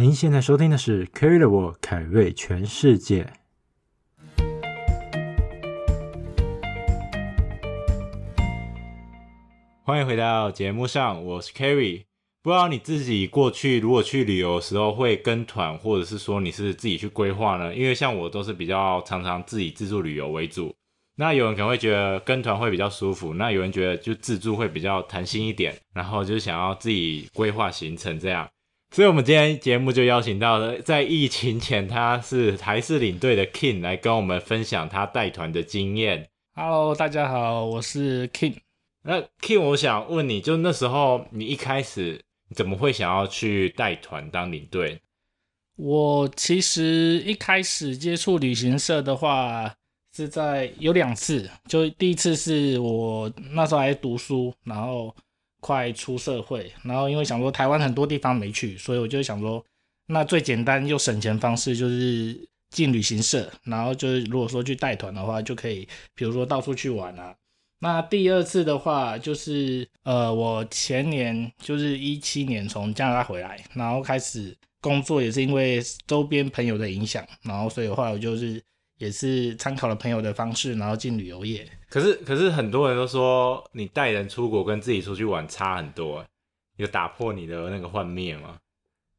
您現在收聽的是《Kerry the world》，凱瑞全世界。歡迎回到節目上，我是 Kerry。不知道你自己過去如果去旅遊的時候會跟團，或者是說你是自己去規劃呢？因為像我都是比較常常自己自助旅遊為主。那有人可能會覺得跟團會比較舒服，那有人覺得就自助會比較彈性一點，然後就想要自己規劃行程這樣。所以，我們今天節目就邀請到了在疫情前他是台式領隊的 Kim 來跟我們分享他帶團的經驗。Hello，大家好，我是 Kim。那 Kim，我想問你，就那時候你一開始怎麼會想要去帶團當領隊？我其實一開始接觸旅行社的話，是在有兩次，就第一次是我那時候還讀書，然後。快出社會，然後因為想說台灣很多地方沒去，所以我就想說，那最簡單又省錢方式就是進旅行社，然後就是如果說去帶團的話，就可以，比如說到處去玩啊。那第二次的話，就是呃，我前年就是一七年從加拿大回來，然後開始工作，也是因為周邊朋友的影響，然後所以的話，我就是。也是參考了朋友的方式，然後進旅遊業。可是，可是很多人都說，你帶人出國跟自己出去玩差很多，有打破你的那個幻滅嗎？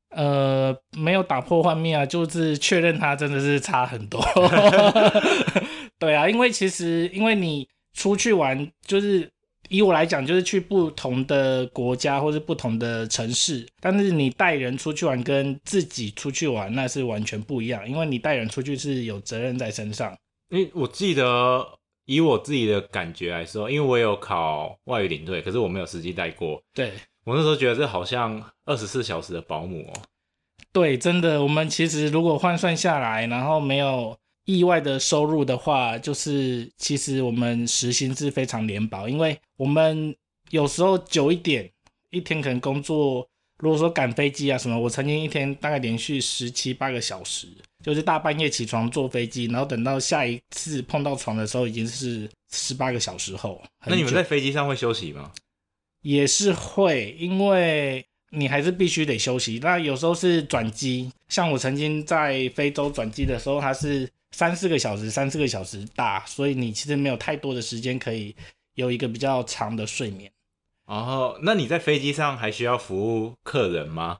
呃，沒有打破幻滅啊，就是確認它真的是差很多。 對啊，因為其實因為你出去玩就是。以我來講，就是去不同的國家或是不同的城市，但是你帶人出去玩跟自己出去玩那是完全不一樣，因為你帶人出去是有責任在身上。因、欸、為我記得以我自己的感覺來說，因為我有考外語領隊，可是我沒有實際帶過。對，我那時候覺得這好像二十四小時的保姆。哦。對，真的，我們其實如果換算下來，然後沒有。意外的收入的話，就是其實我們時薪是非常連保，因為我們有時候久一點，一天可能工作，如果說趕飛機啊什麼，我曾經一天大概連續十七八個小時，就是大半夜起床坐飛機，然後等到下一次碰到床的時候已經是十八個小時後。那你們在飛機上會休息嗎？也是會，因為你還是必須得休息。那有時候是轉機，像我曾經在非洲轉機的時候，它是。三四個小時，三四個小時大，所以你其實沒有太多的時間可以有一個比較長的睡眠。哦，那你在飛機上還需要服務客人嗎？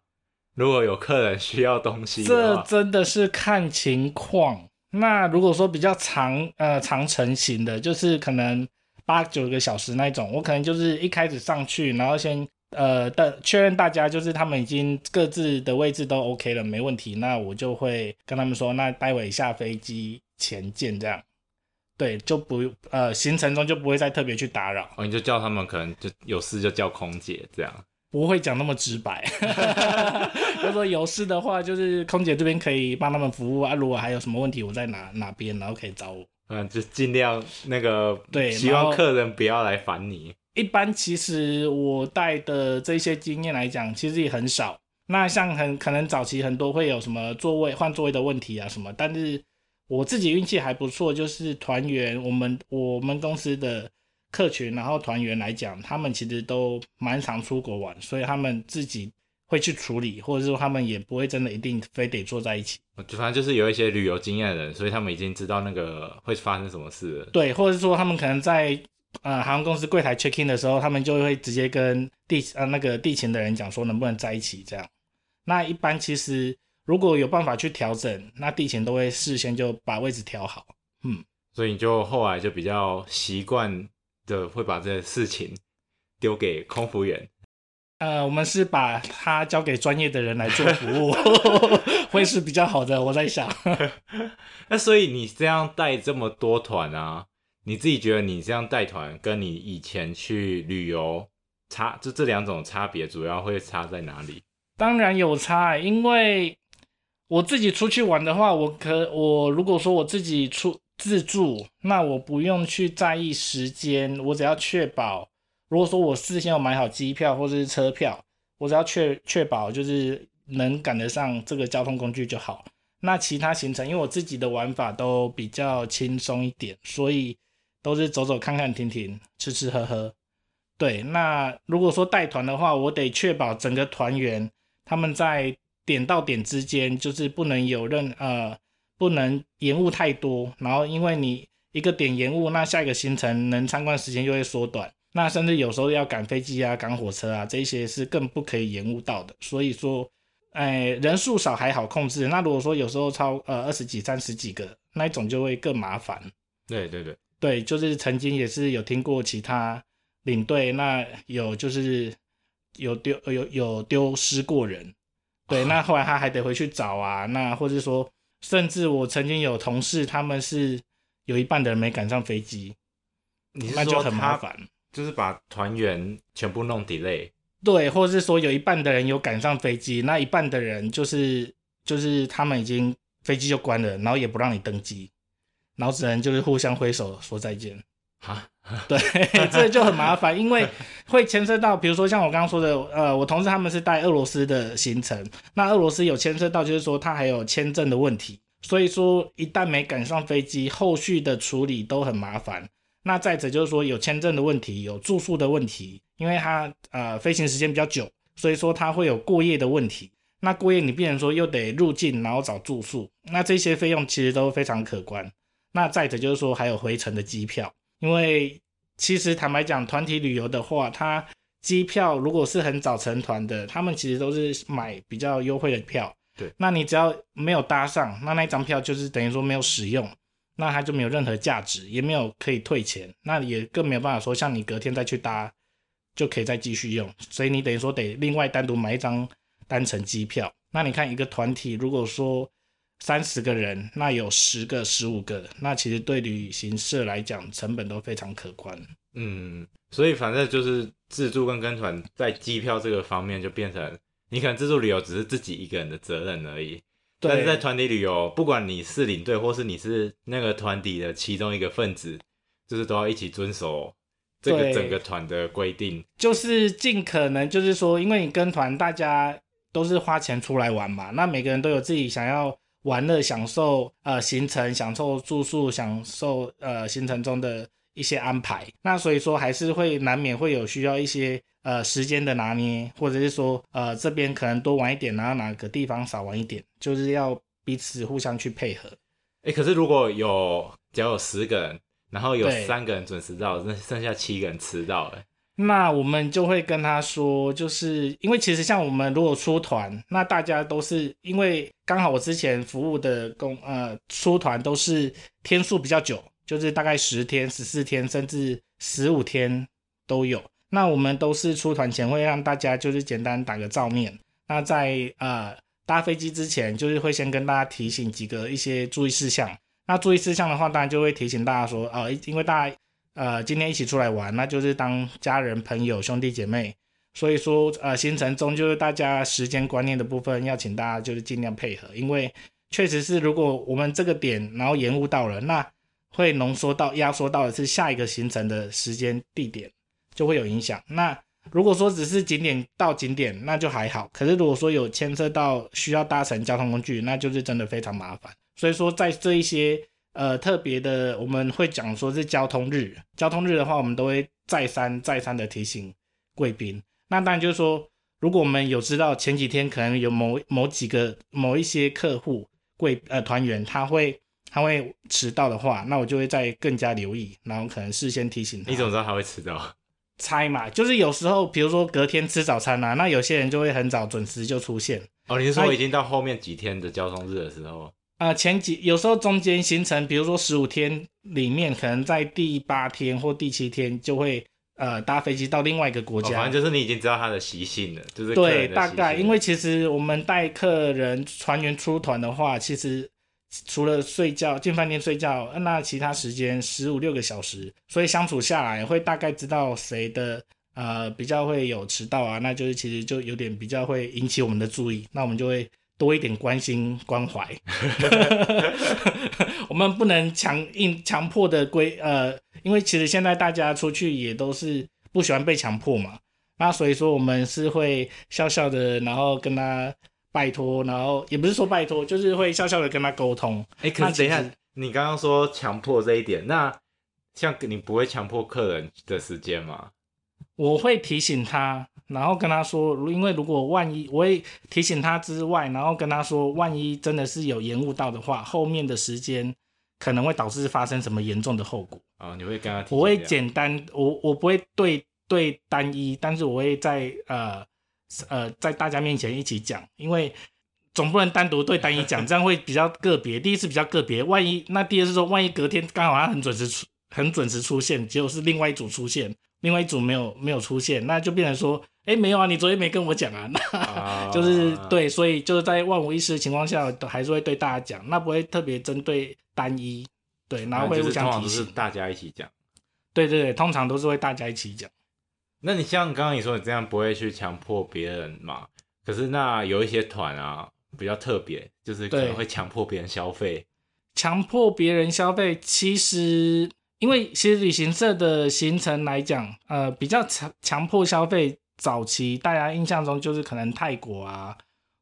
如果有客人需要東西，這真的是看情況。那如果說比較長，呃，長程型的，就是可能八九個小時那種，我可能就是一開始上去，然後先。呃，但確認大家就是他們已經各自的位置都 OK 了，沒問題。那我就會跟他們說，那待會下飛機前見，這樣。對，就不，呃，行程中就不會再特別去打擾。哦，你就叫他們，可能就有事就叫空姐這樣，不會講那麼直白，就 說有事的話，就是空姐這邊可以幫他們服務啊。如果還有什麼問題，我在哪哪邊，然後可以找我。嗯，就盡量那個，對，希望客人不要來煩你。一般其實我帶的這些經驗來講，其實也很少。那像很可能早期很多會有什麼座位換座位的問題啊什麼，但是我自己運氣還不錯，就是團員我們我們公司的客群，然後團員來講，他們其實都蠻常出國玩，所以他們自己會去處理，或者說他們也不會真的一定非得坐在一起。反正就是有一些旅遊經驗的人，所以他們已經知道那個會發生什麼事。對，或者說他們可能在。呃、嗯，航空公司櫃檯 check in 的時候，他們就會直接跟地呃、啊、那個地勤的人講說能不能在一起這樣。那一般其實如果有辦法去調整，那地勤都會事先就把位置調好。嗯，所以你就後來就比較習慣的會把這件事情丟給空服員。呃，我們是把它交給專業的人來做服務， 會是比較好的。我在想， 那所以你這樣帶這麼多團啊？你自己覺得你這樣帶團跟你以前去旅遊差，就這兩種差別主要會差在哪裡？當然有差欸，因為我自己出去玩的話，我可我如果說我自己出自助，那我不用去在意時間，我只要確保，如果說我事先有買好機票或者是車票，我只要確確保就是能趕得上這個交通工具就好。那其他行程，因為我自己的玩法都比較輕鬆一點，所以。都是走走看看停停吃吃喝喝，對。那如果說帶團的話，我得確保整個團員他們在點到點之間就是不能有任呃不能延誤太多。然後因為你一個點延誤，那下一個行程能參觀時間就會縮短。那甚至有時候要趕飛機啊、趕火車啊，這一些是更不可以延誤到的。所以說，哎、呃，人數少還好控制。那如果說有時候超呃二十幾、三十幾個那一種就會更麻煩。對對對。對，就是曾經也是有聽過其他領隊，那有就是有丟有丟有丟失過人，對，那後來他還得回去找啊。那或者說，甚至我曾經有同事，他們是有一半的人沒趕上飛機，你那就很麻煩，就是把團員全部弄 delay。對，或者是說有一半的人有趕上飛機，那一半的人就是就是他們已經飛機就關了，然後也不讓你登機。然後只能就是互相揮手說再見，哈，對，這就很麻煩，因為會牽涉到，比如說像我剛剛說的，呃，我同事他們是帶俄羅斯的行程，那俄羅斯有牽涉到，就是說他還有簽證的問題，所以說一旦沒趕上飛機，後續的處理都很麻煩。那再者就是說有簽證的問題，有住宿的問題，因為他呃飛行時間比較久，所以說他會有過夜的問題。那過夜你變成說又得入境，然後找住宿，那這些費用其實都非常可觀。那再者就是說，還有回程的機票，因為其實坦白講，團體旅遊的話，它機票如果是很早成團的，他們其實都是買比較優惠的票。對，那你只要沒有搭上，那那張票就是等於說沒有使用，那它就沒有任何價值，也沒有可以退錢，那也更沒有辦法說像你隔天再去搭就可以再繼續用。所以你等於說得另外單獨買一張單程機票。那你看一個團體如果說。三十個人，那有十個、十五個，那其實對旅行社來講，成本都非常可觀。嗯，所以反正就是自助跟跟團在機票這個方面就變成，你可能自助旅遊只是自己一個人的責任而已，對，但是在團體旅遊，不管你是領隊或是你是那個團體的其中一個分子，就是都要一起遵守這個整個團的規定。就是盡可能就是說，因為你跟團，大家都是花錢出來玩嘛，那每個人都有自己想要。玩樂、享受呃行程、享受住宿、享受呃行程中的一些安排，那所以說還是會難免會有需要一些呃時間的拿捏，或者是說呃這邊可能多玩一點，然後哪個地方少玩一點，就是要彼此互相去配合。哎、欸，可是如果有只要有十個人，然後有三個人準時到，那剩下七個人遲到了。那我們就會跟他說，就是因為其實像我們如果出團，那大家都是因為剛好我之前服務的公呃出團都是天數比較久，就是大概十天、十四天甚至十五天都有。那我們都是出團前會讓大家就是簡單打個照面，那在呃搭飛機之前就是會先跟大家提醒幾個一些注意事項。那注意事項的話，當然就會提醒大家說，呃，因為大家。呃，今天一起出來玩，那就是當家人、朋友、兄弟姐妹。所以說，呃，行程中就是大家時間觀念的部分，要請大家就是盡量配合，因為確實是如果我們這個點然後延誤到了，那會濃縮到壓縮到的是下一個行程的時間地點就會有影響。那如果說只是景點到景點，那就還好。可是如果說有牽涉到需要搭乘交通工具，那就是真的非常麻煩。所以說，在這一些。呃，特別的，我們會講說是交通日，交通日的話，我們都會再三再三的提醒貴賓。那當然就是說，如果我們有知道前幾天可能有某某幾個某一些客戶貴呃團員他，他會他會遲到的話，那我就會再更加留意，然後可能事先提醒他。你怎麼知道他會遲到？猜嘛，就是有時候，比如說隔天吃早餐啊，那有些人就會很早準時就出現。哦，你是說我已經到後面幾天的交通日的時候？哎呃，前幾有時候中間行程，比如說十五天裡面，可能在第八天或第七天就會呃搭飛機到另外一個國家。哦，反正就是你已經知道他的習性了，就是對，大概因為其實我們帶客人船員出團的話，其實除了睡覺進飯店睡覺，那其他時間十五六個小時，所以相處下來會大概知道誰的呃比較會有遲到啊，那就是其實就有點比較會引起我們的注意，那我們就會。多一點關心關懷 我們不能強硬、強迫的規呃，因為其實現在大家出去也都是不喜歡被強迫嘛，那所以說我們是會笑笑的，然後跟他拜託，然後也不是說拜託，就是會笑笑的跟他溝通。哎、欸，可是等一下，你剛剛說強迫這一點，那像你不會強迫客人的時間嗎？我會提醒他。然後跟他說，因為如果萬一，我會提醒他之外，然後跟他說，萬一真的是有延誤到的話，後面的時間可能會導致發生什麼嚴重的後果。哦，你會跟他提醒，我會簡單，我我不會對對單一，但是我會在呃呃在大家面前一起講，因為總不能單獨對單一講， 這樣會比較個別。第一次比較個別，萬一那第二次說萬一隔天剛好他很準時出，很準時出現，結果是另外一組出現，另外一組沒有沒有出現，那就變成說。哎，沒有啊，你昨天沒跟我講啊？啊 就是對，所以就是在萬無一失的情況下，都還是會對大家講，那不會特別針對單一，對，然後會互相通常都是大家一起講。對對對，通常都是會大家一起講。那你像剛剛你說，你這樣不會去強迫別人嘛？可是那有一些團啊，比較特別，就是可能會強迫別人消費。強迫別人消費，其實因為其實旅行社的行程來講，呃，比較強強迫消費。早期大家印象中就是可能泰國啊，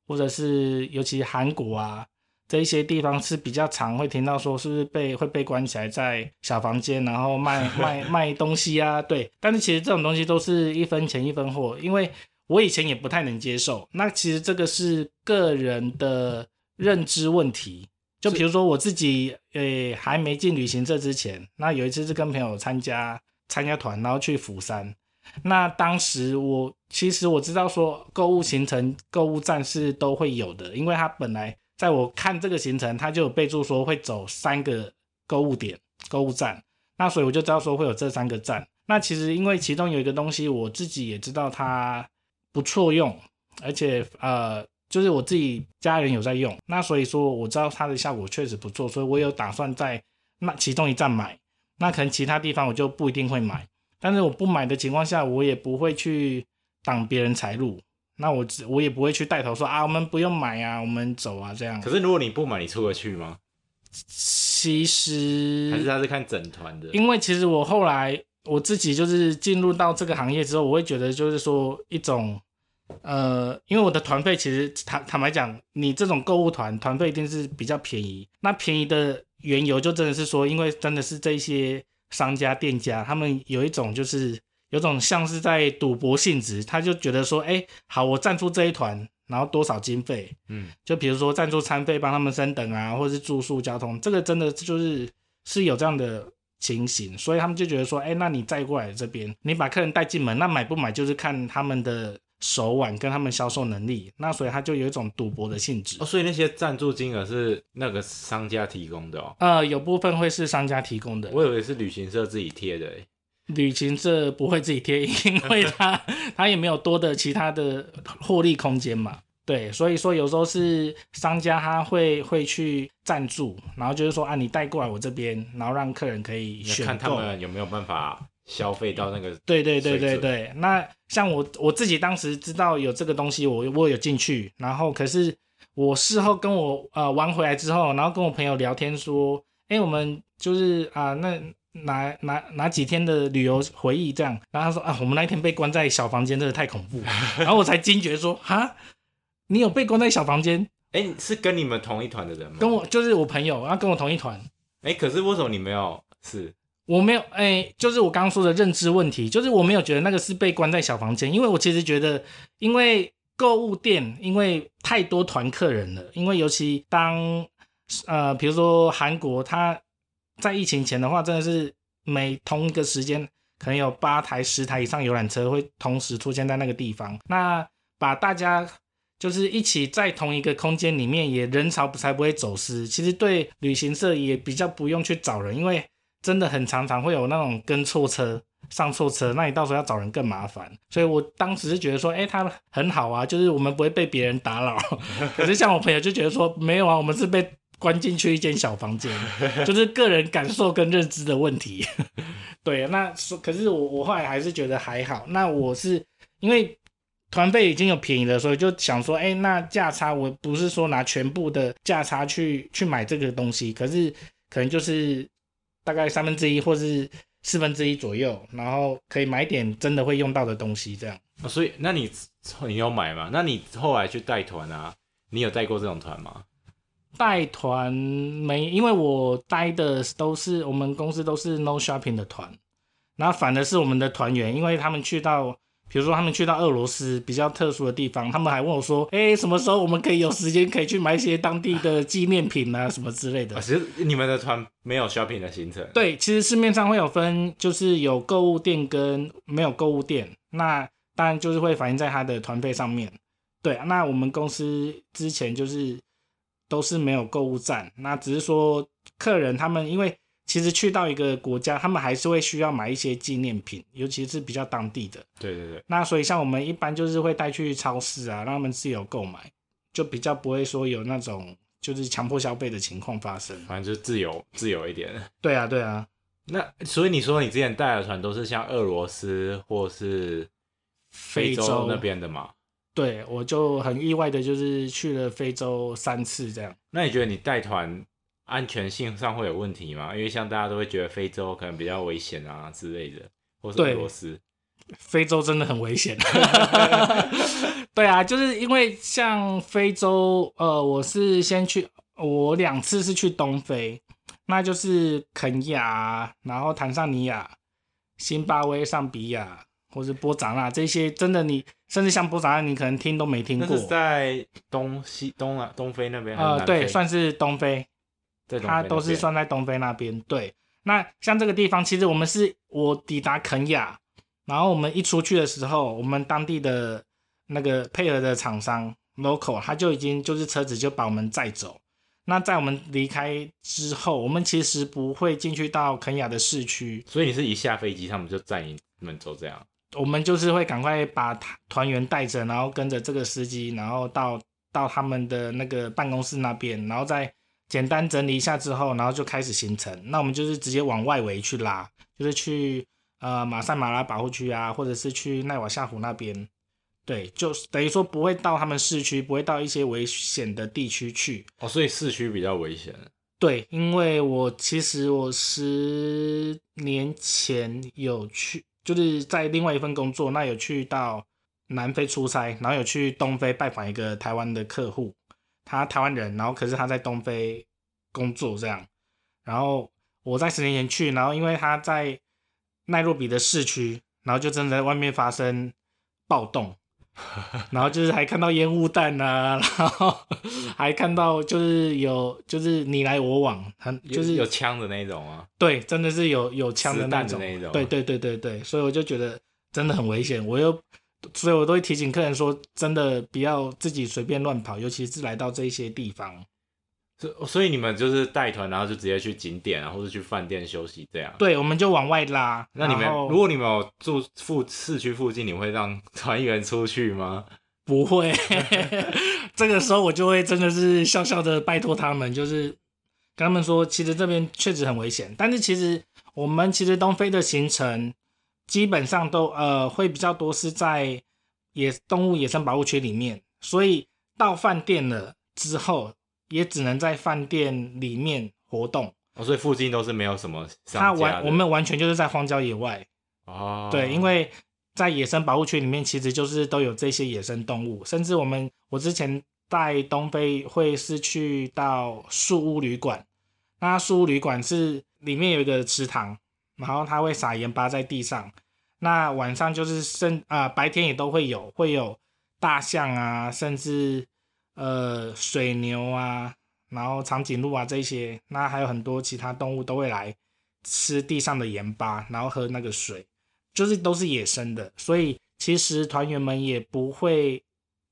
或者是尤其韓國啊這一些地方是比較常會聽到說是不是被會被關起來在小房間，然後賣賣賣東西啊。對，但是其實這種東西都是一分錢一分貨，因為我以前也不太能接受。那其實這個是個人的認知問題。就比如說我自己誒還沒進旅行社之前，那有一次是跟朋友參加參加團，然後去釜山。那當時我其實我知道說，購物行程、購物站是都會有的，因為他本來在我看這個行程，他就有備註說，會走三個購物點、購物站。那所以我就知道說會有這三個站。那其實因為其中有一個東西，我自己也知道它不錯用，而且呃，就是我自己家人有在用，那所以說我知道它的效果確實不錯，所以我有打算在那其中一站買。那可能其他地方我就不一定會買。但是我不買的情況下，我我，我也不會去擋別人財路。那我只我也不會去帶頭說啊，我們不用買啊，我們走啊這樣。可是如果你不買，你出得去嗎？其實還是他是看整團的。因為其實我後來我自己就是進入到這個行業之後，我會覺得就是說一種呃，因為我的團費其實坦坦白講，你這種購物團團費一定是比較便宜。那便宜的緣由就真的是說，因為真的是這些。商家、店家，他們有一種就是有種像是在賭博性質，他就覺得說，哎、欸，好，我贊助這一團，然後多少經費，嗯，就比如說贊助餐費，幫他們升等啊，或是住宿、交通，這個真的就是是有這樣的情形，所以他們就覺得說，哎、欸，那你再過來這邊，你把客人帶進門，那買不買就是看他們的。手腕跟他們銷售能力，那所以他就有一種賭博的性質。哦，所以那些贊助金額是那個商家提供的哦呃，有部分會是商家提供的。我以為是旅行社自己貼的。旅行社不會自己貼，因為他 他也沒有多的其他的獲利空間嘛。對，所以說有時候是商家他會會去贊助，然後就是說啊，你帶過來我這邊，然後讓客人可以選購。看他們有沒有辦法消費到那個，對對對對對，那像我我自己當時知道有這個東西，我我有進去，然後可是我事後跟我呃玩回來之後，然後跟我朋友聊天說，哎、欸，我們就是啊、呃、那哪哪哪幾天的旅遊回憶這樣，然後他說啊，我們那一天被關在小房間，真的太恐怖， 然後我才驚覺說，哈，你有被關在小房間？哎、欸，是跟你們同一團的人嗎？跟我就是我朋友，他、啊、跟我同一團。哎、欸，可是為什麼你沒有？是。我沒有哎、欸，就是我剛剛說的認知問題，就是我沒有覺得那個是被關在小房間，因為我其實覺得，因為購物店因為太多團客人了，因為尤其當呃比如說韓國，它在疫情前的話，真的是每同一個時間可能有八台十台以上遊覽車會同時出現在那個地方，那把大家就是一起在同一個空間裡面，也人潮不才不會走失。其實對旅行社也比較不用去找人，因為。真的很常常會有那種跟錯車、上錯車，那你到時候要找人更麻煩。所以我當時是覺得說，欸，他們很好啊，就是我們不會被別人打擾。可是像我朋友就覺得說，沒有啊，我們是被關進去一間小房間，就是個人感受跟認知的問題。對，那可是我我後來還是覺得還好。那我是因為團費已經有便宜了，所以就想說，欸，那價差，我不是說拿全部的價差去去買這個東西，可是可能就是。大概三分之一或是四分之一左右，然後可以買點真的會用到的東西，這樣。啊、哦，所以那你你有買嗎？那你後來去帶團啊？你有帶過這種團嗎？帶團沒，因為我帶的都是我們公司都是 no shopping 的團，然後反而是我們的團員，因為他們去到。比如說他們去到俄羅斯比較特殊的地方，他們還問我說：“哎、欸，什麼時候我們可以有時間可以去買一些當地的紀念品啊，什麼之類的？”哦，其實你們的團沒有 shopping 的行程。對，其實市面上會有分，就是有購物店跟沒有購物店，那當然就是會反映在他的團費上面。對，那我們公司之前就是都是沒有購物站，那只是說客人他們因為。其實去到一個國家，他們還是會需要買一些紀念品，尤其是比較當地的。對對對。那所以像我們一般就是會帶去超市啊，讓他們自由購買，就比較不會說有那種就是強迫消費的情況發生。反正就自由自由一點。 對啊對啊，那所以你說你之前帶的團都是像俄羅斯或是非洲，非洲那邊的嘛？對，我就很意外的就是去了非洲三次這樣。那你覺得你帶團，安全性上會有問題嗎？因為像大家都會覺得非洲可能比較危險啊之類的，或是俄羅斯。非洲真的很危險。 對啊，就是因為像非洲，呃，我是先去，我兩次是去東非，那就是肯亞，然後坦桑尼亞、辛巴威、尚比亞，或是波札那這些，真的你，你甚至像波札那你可能聽都沒聽過。那是在東西東啊，東非那邊呃，對，算是東非。他都是算在東非那邊。對，那像這個地方，其實我們是我抵達肯雅，然後我們一出去的時候，我們當地的那個配合的廠商 local，他就已經就是車子就把我們載走。那在我們離開之後，我們其實不會進去到肯雅的市區。所以你是一下飛機，他們就載你們走這樣？我們就是會趕快把團團員帶着，然後跟着這個司機，然後到到他們的那個辦公室那邊，然後再。簡單整理一下之後，然後就開始行程。那我們就是直接往外圍去拉，就是去呃馬賽馬拉保護區啊，或者是去奈瓦夏湖那邊。對，就是等於說不會到他們市區，不會到一些危險的地區去。哦，所以市區比較危險。對，因為我其實我十年前有去，就是在另外一份工作，那有去到南非出差，然後有去東非拜訪一個台灣的客戶。他台灣人，然後可是他在東非工作這樣，然後我在十年前，前去，然後因為他在奈洛比的市區，然後就真的在外面發生暴動， 然後就是還看到煙霧彈呢，然後還看到就是有就是你來我往，很就是有槍的那種啊，對，真的是有有槍的那種，對、啊、對對對對，所以我就覺得真的很危險、嗯，我又。所以，我都會提醒客人說，真的不要自己隨便亂跑，尤其是來到這些地方。所以所以，你們就是帶團，然後就直接去景點，或是去飯店休息這樣。對，我們就往外拉。那你們如果你們有住附市區附近，你會讓團員出去嗎？不會，呵呵 這個時候我就會真的是笑笑的拜託他們，就是跟他們說，其實這邊確實很危險，但是其實我們其實東非的行程。基本上都呃，會比較多是在野動物野生保護區裡面，所以到飯店了之後，也只能在飯店裡面活動。哦，所以附近都是沒有什麼。它完我們完全就是在荒郊野外哦。對，因為在野生保護區裡面，其實就是都有這些野生動物，甚至我們我之前在東非會是去到樹屋旅館，那樹屋旅館是裡面有一個池塘。然後它會撒鹽巴在地上，那晚上就是生啊、呃，白天也都會有，會有大象啊，甚至呃水牛啊，然後長頸鹿啊這些，那還有很多其他動物都會來吃地上的鹽巴，然後喝那個水，就是都是野生的，所以其實團員們也不會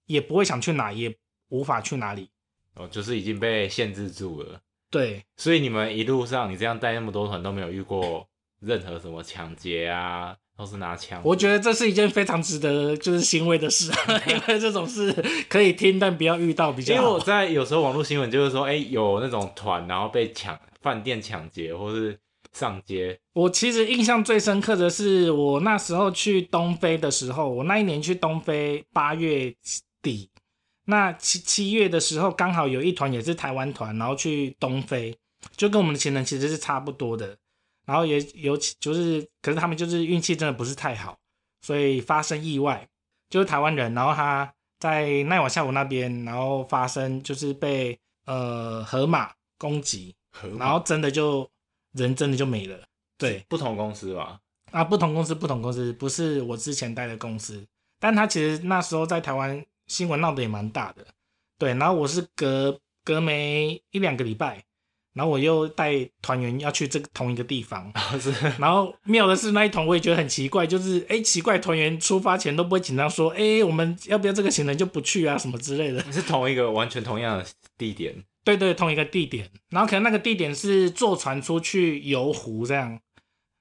也不會想去哪，也無法去哪裡，哦，就是已經被限制住了。對，所以你們一路上你這樣帶那麼多團都沒有遇過？任何什麼搶劫啊，都是拿槍。我覺得這是一件非常值得就是欣慰的事啊， 因為這種事可以聽，但不要遇到比較好。因為我在有時候網絡新聞就是說，哎、欸，有那種團然後被搶飯店搶劫，或是上街。我其實印象最深刻的是我那時候去東非的時候，我那一年去東非八月底，那七七月的時候剛好有一團也是台灣團，然後去東非，就跟我們的行程其實是差不多的。然後也尤其就是，可是他們就是運氣真的不是太好，所以發生意外，就是台灣人，然後他在奈瓦夏谷那邊，然後發生就是被呃河馬攻擊，河馬，然後真的就人真的就沒了。對，不同公司吧？啊，不同公司，不同公司，不是我之前待的公司，但他其實那時候在台灣新聞鬧得也蠻大的，對。然後我是隔隔沒一兩個禮拜。然後我又帶團員要去這個同一個地方，哦、是，然後妙的是那一團我也覺得很奇怪，就是哎，奇怪，團員出發前都不會緊張說哎，我們要不要這個行程就不去啊什麼之類的，是同一個完全同樣的地點，對對，同一個地點。然後可能那個地點是坐船出去遊湖這樣，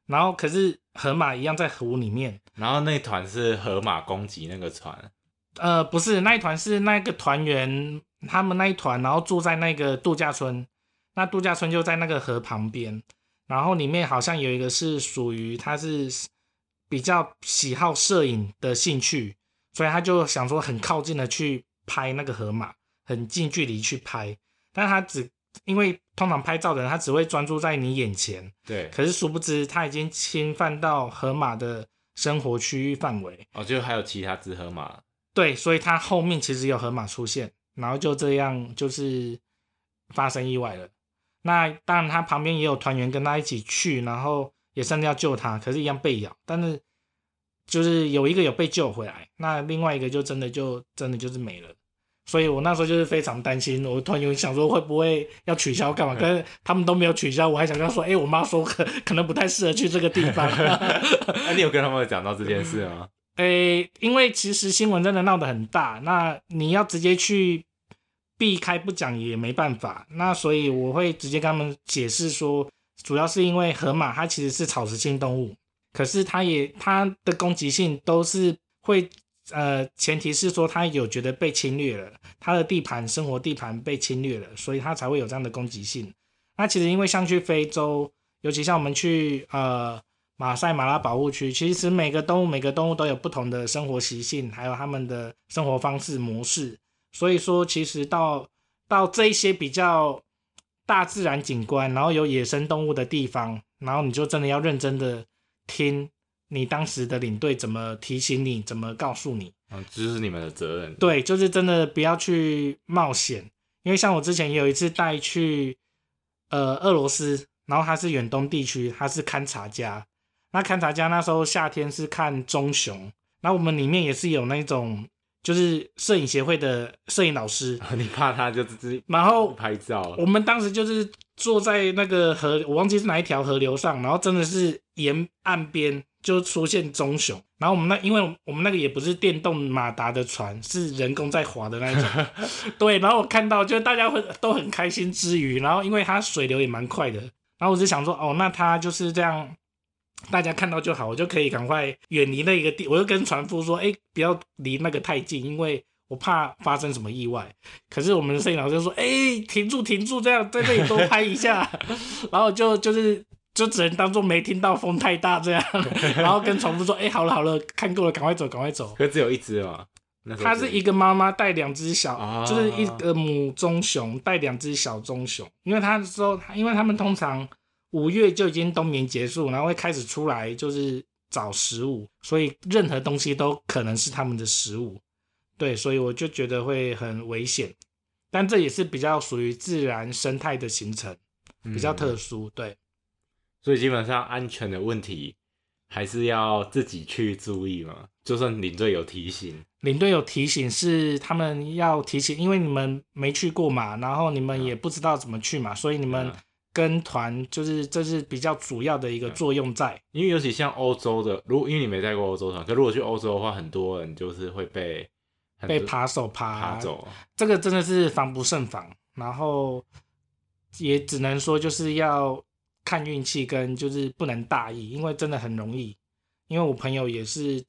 然後可是河馬一樣在湖裡面，然後那一團是河馬攻擊那個船，呃，不是，那一團是那個團員他們那一團，然後住在那個度假村。那度假村就在那個河旁邊，然後裡面好像有一個是屬於他是比較喜好攝影的興趣，所以他就想說很靠近的去拍那個河馬，很近距離去拍，但他只因為通常拍照的人他只會專注在你眼前，對，可是殊不知他已經侵犯到河馬的生活區域範圍。哦，就還有其他隻河馬。對，所以他後面其實有河馬出現，然後就這樣就是發生意外了。那當然，他旁邊也有團員跟他一起去，然後也甚至要救他，可是，一樣被咬。但是，就是有一個有被救回來，那另外一個就真的就真的就是沒了。所以我那時候就是非常擔心，我團員想說會不會要取消幹嘛？可是他們都沒有取消，我還想跟他說，哎、欸，我媽說可可能不太適合去這個地方。那你有跟他們講到這件事嗎？哎，因為其實新聞真的鬧得很大，那你要直接去。避開不講也沒辦法，那所以我會直接跟他們解釋說，主要是因為河馬它，其實是草食性動物，可是它也它的攻擊性都是會，呃，前提是說它有覺得被侵略了，它的地盤生活地盤被侵略了，所以它才會有這樣的攻擊性。那其實因為像去非洲，尤其像我們去呃馬賽馬拉保護區，其實每個動物每個動物都有不同的生活習性，還有他們的生活方式模式。所以說，其實到到這一些比較大自然景觀，然後有野生動物的地方，然後你就真的要認真的聽你當時的領隊怎麼提醒你，怎麼告訴你，嗯、啊，這、就是你們的責任。對，就是真的不要去冒險，因為像我之前也有一次帶去呃俄羅斯，然後他是遠東地區，他是堪察加，那堪察加那時候夏天是看棕熊，那我們裡面也是有那種。就是攝影協會的攝影老師，你怕他就這然後拍照。我們當時就是坐在那個河，我忘記是哪一條河流上，然後真的是沿岸邊就出現棕熊，然後我們那因為我們那個也不是電動馬達的船，是人工在划的那種。對，然後我看到，就大家會都很開心之餘，然後因為它水流也蠻快的，然後我就想說，哦，那它就是這樣。大家看到就好，我就可以趕快遠離那一個地。我就跟船夫說：“哎、欸，不要離那個太近，因為我怕發生什麼意外。”可是我們的攝影老師就說：“哎、欸，停住，停住，這樣在這裡多拍一下。 ”然後就就是就只能當做沒聽到，風太大這樣。 然後跟船夫說：“哎、欸，好了好了，看夠了，趕快走，趕快走。”可是只有一隻哦。他是一個媽媽帶兩隻小、啊，就是一個母棕熊帶兩隻小棕熊，因為他的時候，因為他們通常。五月就已經冬眠結束，然後會開始出來，就是找食物，所以任何東西都可能是他們的食物。對，所以我就覺得會很危險，但這也是比較屬於自然生態的行程，比較特殊。對、嗯，所以基本上安全的問題還是要自己去注意嘛。就算領隊有提醒，領隊有提醒是他們要提醒，因為你們沒去過嘛，然後你們也不知道怎麼去嘛，嗯、所以你們、嗯。跟團就是這是比較主要的一個作用在，嗯，因為尤其像歐洲的，如因為你沒帶過歐洲團，可如果去歐洲的話，很多人就是會被被扒手扒走，這個真的是防不勝防。然後也只能說就是要看運氣跟就是不能大意，因為真的很容易。因為我朋友也是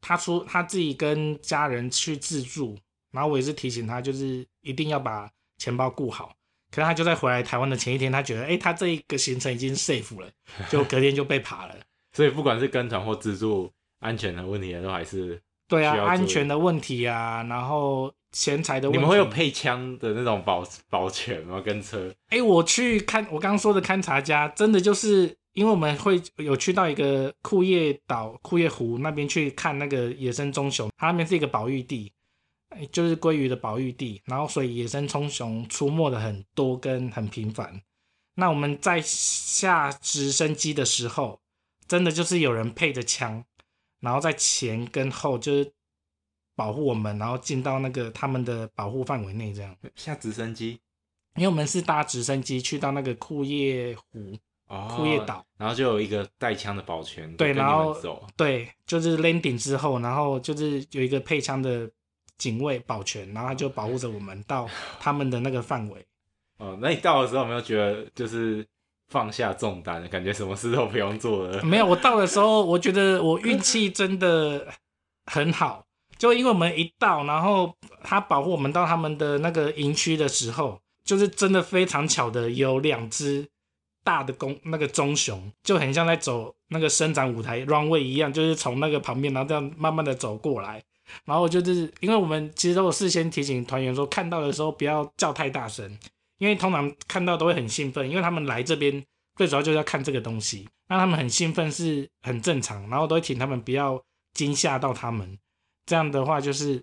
他出他自己跟家人去自助，然後我也是提醒他，就是一定要把錢包顧好。可是他就在回來台灣的前一天，他覺得哎、欸，他這一個行程已經 safe 了，就隔天就被扒了。 所以不管是跟團或自助，安全的問題也都還是。對啊，安全的問題啊，然後錢財的問題。你們會有配槍的那種保保全嗎？跟車？哎、欸，我去看我剛剛說的堪察加，真的就是因為我們會有去到一個庫頁島、庫頁湖那邊去看那個野生棕熊，它那邊是一個保育地。就是鮭魚的保育地，然後所以野生棕熊出沒的很多跟很頻繁。那我們在下直升機的時候，真的就是有人配着槍，然後在前跟後就是保護我們，然後進到那個他們的保護範圍內這樣。下直升機，因為我們是搭直升機去到那個庫頁湖、庫頁島，然後就有一個帶槍的保全。對，然後對，就是 landing 之後，然後就是有一個配槍的，警衛保全，然後他就保護着我們到他們的那個範圍。哦，那你到的時候有沒有覺得就是放下重擔，感覺什麼事都不用做了？沒有，我到的時候我覺得我運氣真的很好，就因為我們一到，然後他保護我們到他們的那個營區的時候，就是真的非常巧的，有兩隻大的公那個棕熊，就很像在走那個伸展舞台 runway 一樣，就是從那個旁邊，然後這樣慢慢的走過來。然後就是，因為我們其實都事先提醒團員說，看到的時候不要叫太大聲，因為通常看到都會很興奮，因為他們來這邊最主要就是要看這個東西，讓他們很興奮是很正常，然後都會請他們不要驚嚇到他們，這樣的話就是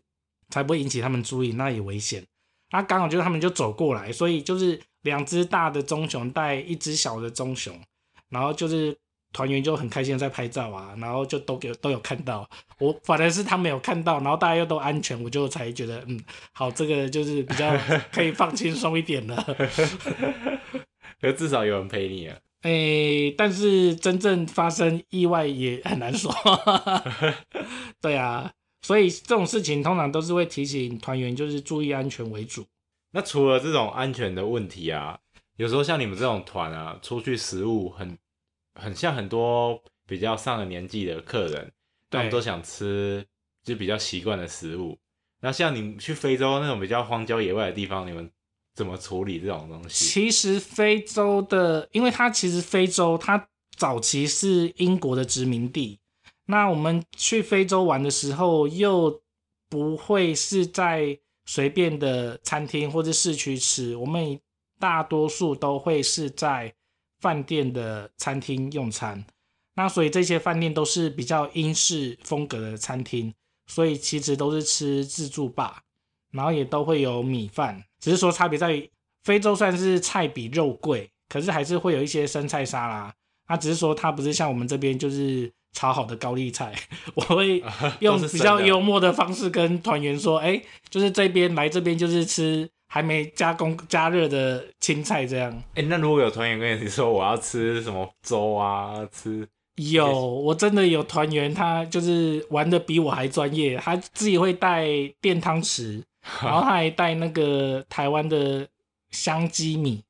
才不會引起他們注意，那也危險。那剛好就是他們就走過來，所以就是兩隻大的棕熊帶一隻小的棕熊，然後就是。團員就很開心在拍照啊，然後就都給都有看到，我反正是他沒有看到，然後大家又都安全，我就才覺得嗯，好，這個就是比較可以放輕鬆一點了。 可至少有人陪你啊。哎、欸，但是真正發生意外也很難說。 對啊，所以這種事情通常都是會提醒團員，就是注意安全為主。那除了這種安全的問題啊，有時候像你們這種團啊，出去食物很。很像很多比較上了年紀的客人，他們都想吃就比較習慣的食物。然後，像你去非洲那種比較荒郊野外的地方，你們怎麼處理這種東西？其實非洲的，因為它其實非洲它早期是英國的殖民地。那我們去非洲玩的時候，又不會是在隨便的餐廳或者市區吃，我們大多數都會是在。飯店的餐廳用餐，那所以這些飯店都是比較英式風格的餐廳，所以其實都是吃自助吧，然後也都會有米飯，只是說差別在於非洲算是菜比肉貴，可是還是會有一些生菜沙拉，那只是說它不是像我們這邊就是。炒好的高麗菜，我會用比較幽默的方式跟團員說：“哎，欸，就是這邊來這邊就是吃還沒加工加熱的青菜這樣。”欸，哎，那如果有團員跟你說，我要吃什麼粥啊，吃有我真的有團員，他就是玩得比我還專業，他自己會帶電湯匙，然後他還帶那個台灣的香雞米，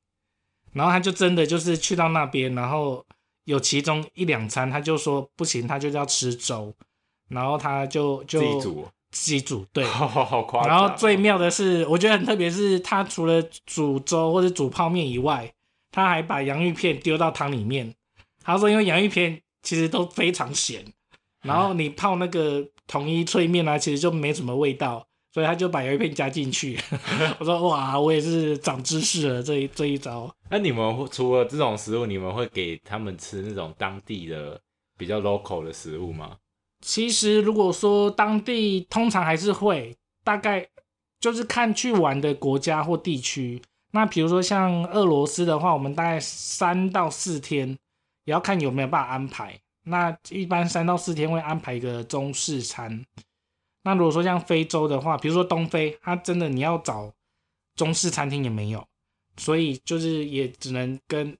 然後他就真的就是去到那邊，然後。有其中一兩餐，他就說不行，他就要吃粥，然後他就就自己煮，自己煮。對，好好好誇張。然後最妙的是，我覺得很特別，是他除了煮粥或者煮泡麵以外，他還把洋芋片丟到湯裡面。他說，因為洋芋片其實都非常鹹，然後你泡那個統一脆麵啊，其實就沒什麼味道。所以他就把魷片加進去。 我說哇，我也是長知識了，這一這一招。那、啊、你們除了這種食物，你們會給他們吃那種當地的比較 local 的食物嗎？其實如果說當地通常還是會，大概就是看去玩的國家或地區。那比如說像俄羅斯的話，我們大概三到四天，也要看有沒有辦法安排。那一般三到四天會安排一個中式餐。那如果說像非洲的話，比如說東非，它真的你要找中式餐廳也沒有，所以就是也只能跟，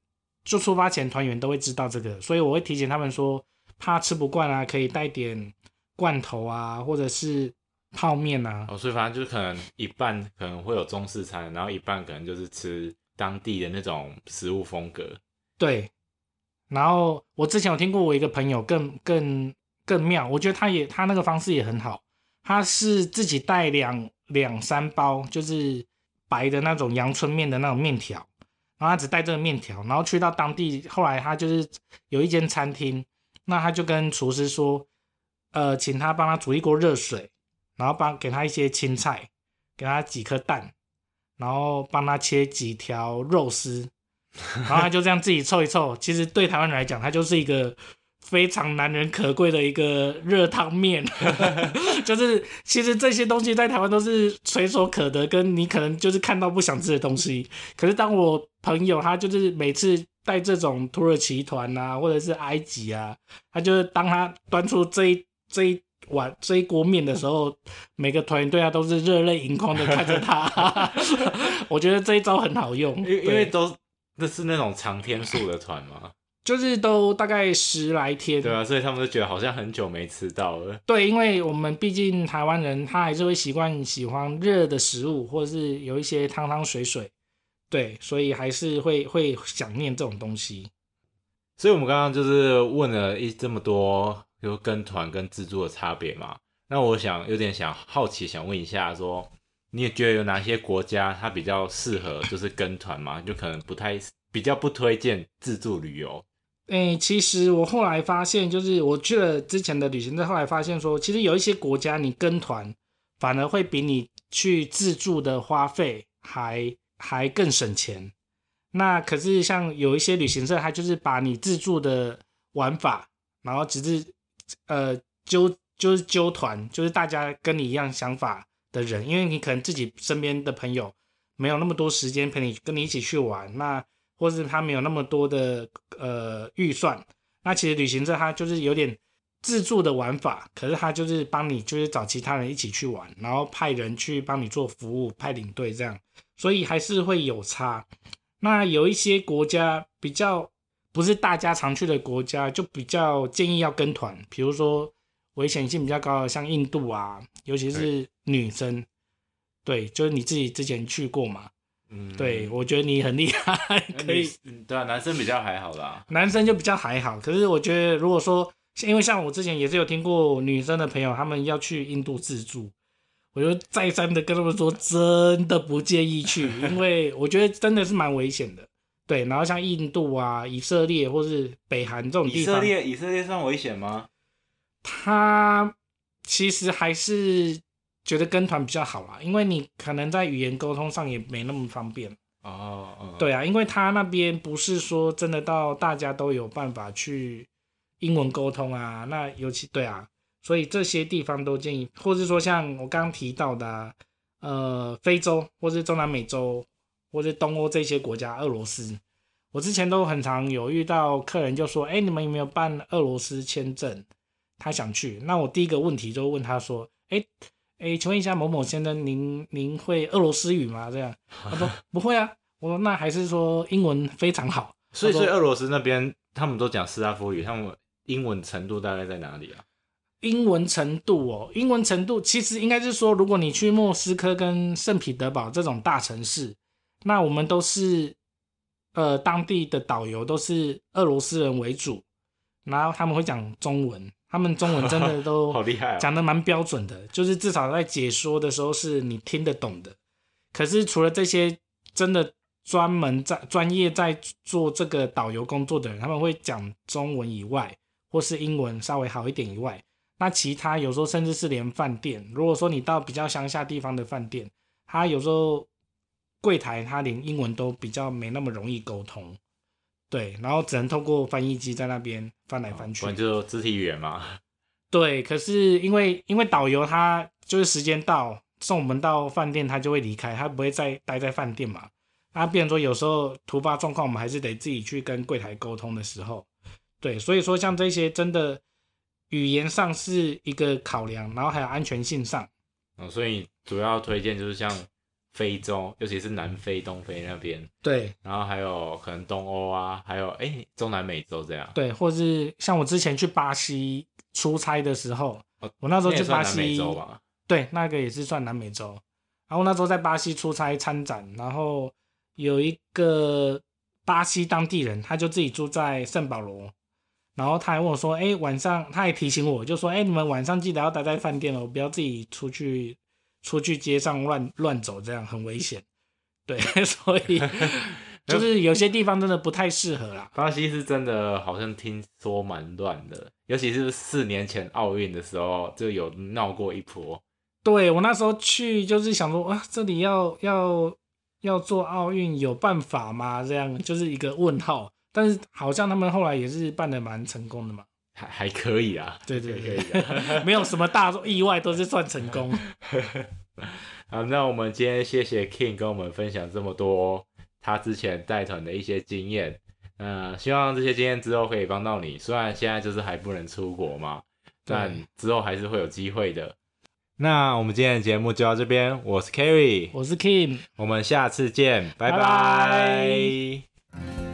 就出發前團員都會知道這個，所以我會提醒他們說，怕吃不慣啊，可以帶點罐頭啊，或者是泡面啊。哦，所以反正就是可能一半可能會有中式餐，然後一半可能就是吃當地的那種食物風格。對。然後我之前有聽過我一個朋友更更更妙，我覺得他也他那個方式也很好。他是自己帶兩兩三包，就是白的那種陽春麵的那種麵條，然後他只帶這個麵條，然後去到當地。後來他就是有一間餐廳，那他就跟廚師說，呃，請他幫他煮一鍋熱水，然後幫給他一些青菜，給他幾顆蛋，然後幫他切幾條肉絲，然後他就這樣自己湊一湊。 其實對台灣人來講，他就是一個。非常難能可貴的一個熱湯麵，就是其實這些東西在台灣都是隨手可得，跟你可能就是看到不想吃的東西。可是當我朋友他就是每次帶這種土耳其團啊，或者是埃及啊，他就是當他端出這一這一碗這一鍋麵的時候，每個團隊啊都是熱淚盈眶的看着他，啊。 我覺得這一招很好用，因因為都是那是那種長天數的團嘛。就是都大概十來天，對啊，所以他們都覺得好像很久沒吃到了。對，因為我們畢竟台灣人，他還是會習慣喜歡熱的食物，或者是有一些湯湯水水。對，所以還是會會想念這種東西。所以，我們剛剛就是問了一這麼多，就跟團跟自助的差別嘛。那我想有點想好奇，想問一下說，說你也覺得有哪些國家它比較適合，就是跟團嗎？ 就可能不太比較不推薦自助旅遊。哎、欸，其實我後來發現，就是我去了之前的旅行社，後來發現說，其實有一些國家，你跟團反而會比你去自助的花費還還更省錢。那可是像有一些旅行社，他就是把你自助的玩法，然後只是呃揪，就是揪團，就是大家跟你一樣想法的人，因為你可能自己身邊的朋友沒有那麼多時間陪你跟你一起去玩，那。或是他沒有那麼多的呃預算，那其實旅行社他就是有點自助的玩法，可是他就是幫你就是找其他人一起去玩，然後派人去幫你做服務，派領隊這樣，所以還是會有差。那有一些國家比較不是大家常去的國家，就比較建議要跟團，比如說危險性比較高的像印度啊，尤其是女生，對，就是你自己之前去過嘛？嗯，對，我覺得你很厲害，可以。嗯、對啊，男生比較還好啦，男生就比較還好，可是我覺得，如果說因為像我之前也是有聽過女生的朋友，他們要去印度自助，我就再三的跟他們說，真的不建議去， 因為我覺得真的是蠻危險的。對，然後像印度啊、以色列或是北韓這種地方。以色列、以色列算危險嗎？他其實還是。覺得跟團比較好啦、啊，因為你可能在語言溝通上也沒那麼方便哦。Oh, oh, oh, oh. 對啊，因為他那邊不是說真的到大家都有辦法去英文溝通啊。那尤其對啊，所以這些地方都建議，或是說像我剛剛提到的、啊，呃，非洲或是中南美洲或者東歐這些國家，俄羅斯，我之前都很常有遇到客人就說：“哎，你們有沒有辦俄羅斯簽證？他想去。”那我第一個問題就問他說：“哎。”誒、欸，請問一下某某先生，您您會俄羅斯語嗎？這樣，他說 不會啊。我說那還是說英文非常好。所以說俄羅斯那邊，他們都講斯拉夫語，他們英文程度大概在哪裡啊？英文程度哦，英文程度其實應該是說，如果你去莫斯科跟聖彼得堡這種大城市，那我們都是呃當地的導遊都是俄羅斯人為主，然後他們會講中文。 他們中文真的都好厲害，講的蠻標準的，啊，就是至少在解說的時候是你聽得懂的。可是除了這些真的專門在專業在做這個導遊工作的人，他們會講中文以外，或是英文稍微好一點以外，那其他有時候甚至是連飯店，如果說你到比較鄉下地方的飯店，他有時候櫃檯他連英文都比較沒那麼容易溝通。對，然後只能透過翻譯機在那邊翻來翻去，哦、就肢體語言嘛。對，可是因為因為導遊他就是時間到送我們到飯店，他就會離開，他不會再待在飯店嘛。那比如說有時候突發狀況，我們還是得自己去跟櫃檯溝通的時候，對，所以說像這些真的語言上是一個考量，然後還有安全性上。哦、所以主要推薦就是像。非洲，尤其是南非、東非那邊，對，然後還有可能東歐啊，還有哎，中南美洲這樣，對，或是像我之前去巴西出差的時候，哦，我那時候去巴西，也算南美洲吧，對，那個也是算南美洲。然後我那時候在巴西出差參展，然後有一個巴西當地人，他就自己住在聖保羅，然後他還問我說：“哎，晚上他還提醒我，就說：哎，你們晚上記得要待在飯店哦，不要自己出去。”出去街上亂亂走，這樣很危險。對，所以 就是有些地方真的不太適合啦。巴西是真的，好像聽說蠻亂的，尤其是四年前奧運的時候就有鬧過一波。對，我那時候去，就是想說啊，這裡要要要做奧運有辦法嗎？這樣就是一個問號。但是好像他們後來也是辦得蠻成功的嘛。還可以啊，對對，對，對可以， 沒有什麼大意外，都是算成功 。好，那我們今天謝謝 Kim 跟我們分享這麼多他之前帶團的一些經驗，呃，希望這些經驗之後可以幫到你。雖然現在就是還不能出國嘛，但之後還是會有機會的。那我們今天的節目就到這邊，我是 Kerry，我是 Kim，我們下次見，拜拜。拜拜。